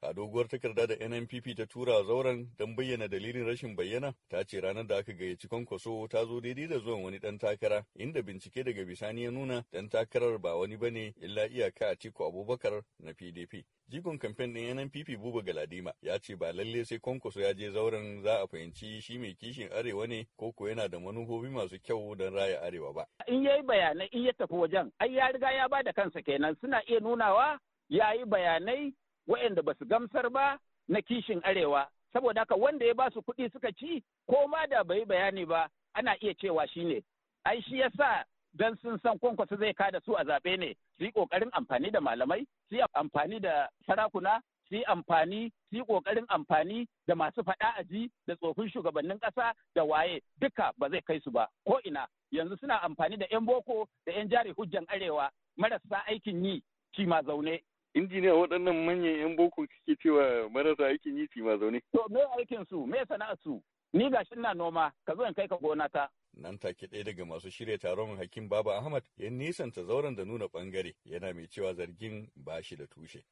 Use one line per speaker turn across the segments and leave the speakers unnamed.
a doguwar takarda da NNPP ta tura zauren don bayyana dalilin rashin bayyana ta ce ranar da aka gayyaci kwankwaso ta zo daidai da zuwan wani dan takara inda bincike daga bisani ya nuna dan takarar ba wani ba ne illa iyaka a Tiku Abubakar na PDP. Jigon kamfen ɗin NNPP Buba Galadima ya ce ba lalle sai kwankwaso ya je zauren za a fahimci shi mai kishin arewa ne ko ko yana da manufofi masu kyau don raya arewa ba.
In yayi bayanai in ya tafi wajen ai ya riga ya bada kansa kenan suna iya nunawa ya yi bayanai waɗanda ba su gamsar ba na kishin arewa saboda haka wanda ya ba su kuɗi suka ci ko ma da bai bayani ba ana iya cewa shi ne ai shi yasa dan sun san kwankwaso zai kada su a zaɓe ne su yi ƙoƙarin amfani da malamai su yi amfani da sarakuna su yi amfani su yi ƙoƙarin amfani da masu faɗa aji da tsofin shugabannin ƙasa da waye duka ba zai kai su ba ko ina yanzu suna amfani da 'yan boko da 'yan jari hujjan arewa marasa aikin yi shi ma zaune injiniya waɗannan manyan 'yan boko
kake cewa marasa aikin yi ma zaune.
To me aikin su me sana'ar su ni ga na noma
ka zo in kai ka gona ta. Nan take ɗaya daga masu shirya taron hakim Baba Ahmad ya nisanta zauren da nuna ɓangare yana mai cewa zargin ba shi da tushe.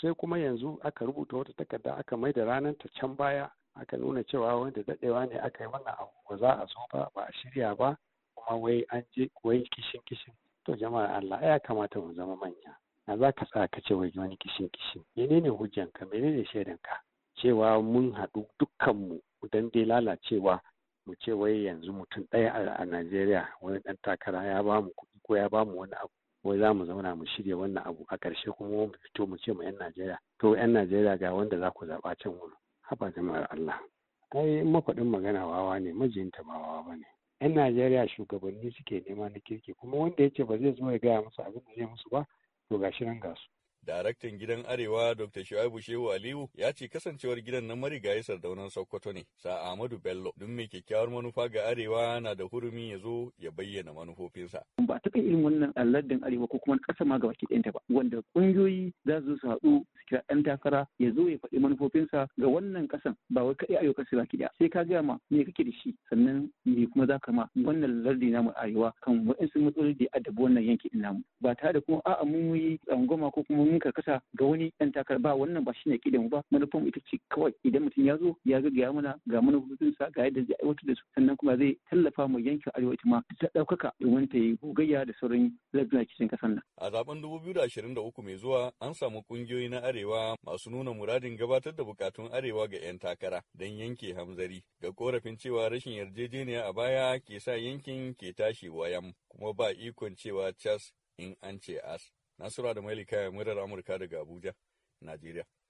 sai kuma yanzu aka rubuta wata takarda aka mai da ranar ta can baya aka nuna cewa wanda daɗewa ne aka yi wannan abu ba za a zo ba ba a shirya ba kuma wai an je wai kishin kishin to jama'a Allah ya kamata mu zama manya. na za ka sa ka ce wai wani kishin kishin menene ne menene ka? cewa mun haɗu dukkanmu dan dai lalacewa mu ce wai yanzu mutum ɗaya a Najeriya wani ɗan takara ya ba mu kuɗi ko ya ba mu wani abu wai za mu zauna mu shirya wannan abu a ƙarshe kuma mu fito mu ce mu 'yan Najeriya to 'yan Najeriya ga wanda za ku zaɓa can wuri haba jama'ar Allah ai mafaɗin magana wawa ne mijinta ba wawa ba ne 'yan Najeriya shugabanni suke nema na kirki kuma wanda ya ce ba zai zo ya gaya musu abin da zai musu ba to gashi nan gasu.
Daraktan gidan Arewa Dr. Shu'aibu Shehu Aliyu ya ce kasancewar gidan na marigayi sardaunan Sokoto ne, sa Ahmadu Bello, don mai kyakkyawar manufa ga Arewa na da hurumi ya zo ya bayyana manufofinsa.
Ba ta kai irin wannan alladin Arewa ko kuma ƙasa ma gabaki ɗayanta ba, wanda ƙungiyoyi za su su haɗu su kira ɗan takara ya zo ya faɗi manufofinsa ga wannan ƙasan ba wai kaɗai ayyukan su ki ɗaya. Sai ka gaya ma me kake da shi sannan kuma za ka ma wannan lardi namu arewa kan sun matsaloli da adabu wannan yanki ina namu ba tare da kuma a'a mun yi tsangwama ko kuma mun karkasa ga wani ɗan takar ba wannan ba shine kidan ba manufan ita ce kawai idan mutum ya zo ya ga gaya mana ga manufofinsa ga yadda zai aiwatar da su sannan kuma zai tallafa mu yankin arewa ita ma ta ɗaukaka domin ta yi gogayya da sauran lardunan cikin ƙasar nan.
A zaben uku mai zuwa an samu ƙungiyoyi na arewa masu nuna muradin gabatar da bukatun arewa ga 'yan takara don yanke hamzari ga korafin cewa rashin yarjejeniya a baya ke sa yankin ke tashi wayan kuma ba ikon cewa cas in an ce as. Nasura da Malika murar Amurka daga Abuja, Najeriya.